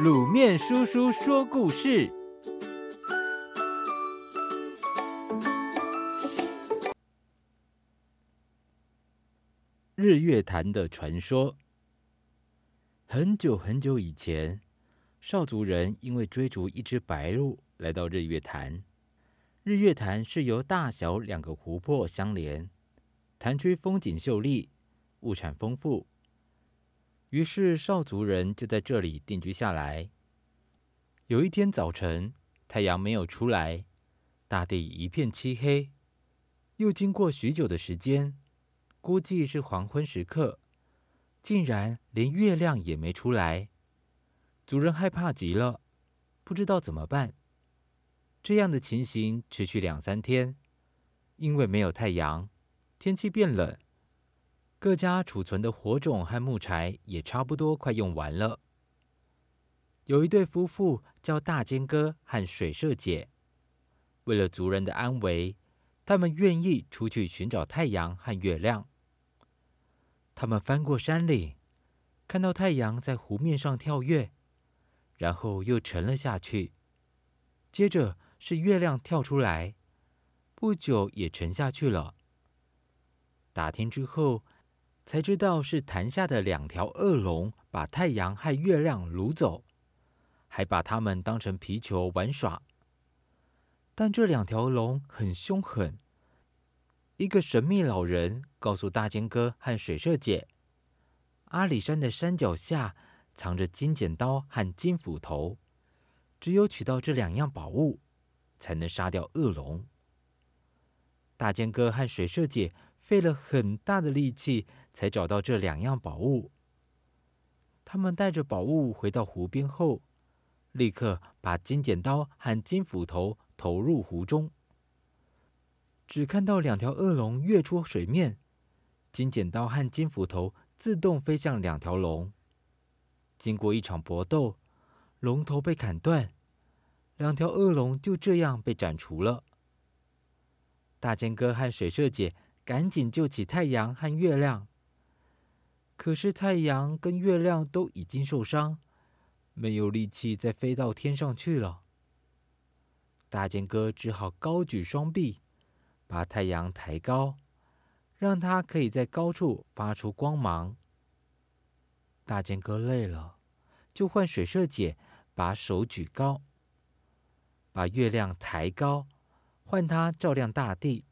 滷麵叔叔說故事：日月潭的傳說。很久很久以前，邵族人因為追逐一隻白鹿，來到日月潭。日月潭是由大小兩個湖泊相連，潭區風景秀麗，物產豐富。於是少族人就在這裡定居下來。有一天早晨，太陽沒有出來，大地一片漆黑。又經過許久的時間，估計是黃昏時刻，竟然連月亮也沒出來。族人害怕極了，不知道怎麼辦。這樣的情形持續兩三天，因為沒有太陽，天氣變冷。各家儲存的火種和木柴也差不多快用完了。有一對夫婦叫大尖哥和水社姐，為了族人的安危，他們願意出去尋找太陽和月亮。他們翻過山嶺，看到太陽在湖面上跳躍，然後又沉了下去。接着是月亮跳出來，不久也沉下去了。打聽之後，才知道是潭下的兩條惡龍把太陽和月亮擄走，還把他們當成皮球玩耍。但這兩條龍很凶狠。一個神秘老人告訴大尖哥和水社姐，阿里山的山腳下藏着金剪刀和金斧頭，只有取到這兩樣寶物，才能殺掉惡龍。大尖哥和水社姐。費了很大的力氣，才找到這兩樣寶物。他們帶着寶物回到湖邊後，立刻把金剪刀和金斧頭投入湖中。只看到兩條惡龍躍出水面，金剪刀和金斧頭自動飛向兩條龍。經過一場搏鬥，龍頭被砍斷，兩條惡龍就這樣被斬除了。大尖哥和水社姐。趕緊救起太陽和月亮。可是太陽跟月亮都已經受傷，沒有力氣再飛到天上去了。大尖哥只好高舉雙臂，把太陽抬高，讓它可以在高處發出光芒。大尖哥累了，就換水社姐把手舉高，把月亮抬高，換它照亮大地。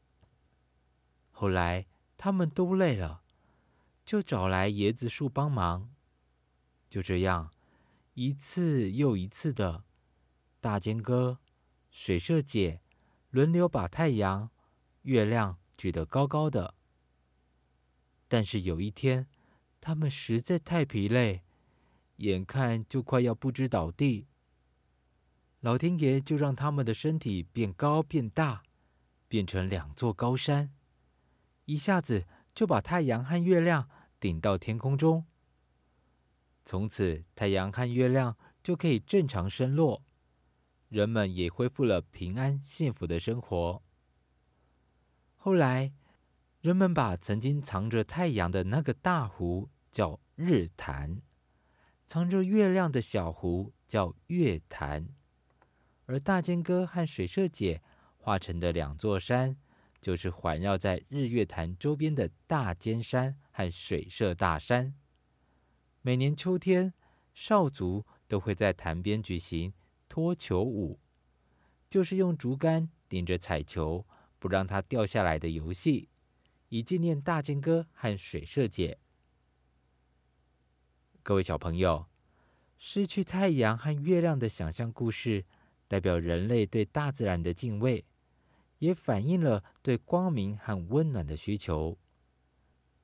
後來他們都累了，就找來椰子樹幫忙。就這樣，一次又一次的，大尖哥、水社姐輪流把太陽、月亮舉得高高的。但是有一天，他們實在太疲累，眼看就快要不知倒地。老天爺就讓他們的身體變高變大，變成兩座高山。一下子就把太陽和月亮頂到天空中，從此太陽和月亮就可以正常升落，人們也恢復了平安幸福的生活。後來，人們把曾經藏着太陽的那個大湖叫日潭，藏着月亮的小湖叫月潭，而大尖哥和水社姐化成的兩座山。就是環繞在日月潭周邊的大尖山和水社大山。每年秋天，少族都會在潭邊舉行拖球舞，就是用竹竿頂着彩球，不讓它掉下來的遊戲，以紀念大尖哥和水社姐。各位小朋友，失去太陽和月亮的想象故事，代表人類對大自然的敬畏。也反映了對光明和溫暖的需求。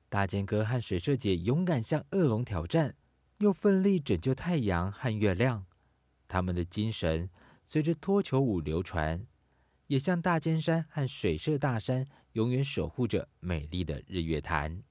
大尖哥和水社姐勇敢向惡龍挑戰，又奮力拯救太陽和月亮。他們的精神隨着托球舞流傳，也像大尖山和水社大山，永遠守護着美麗的日月潭。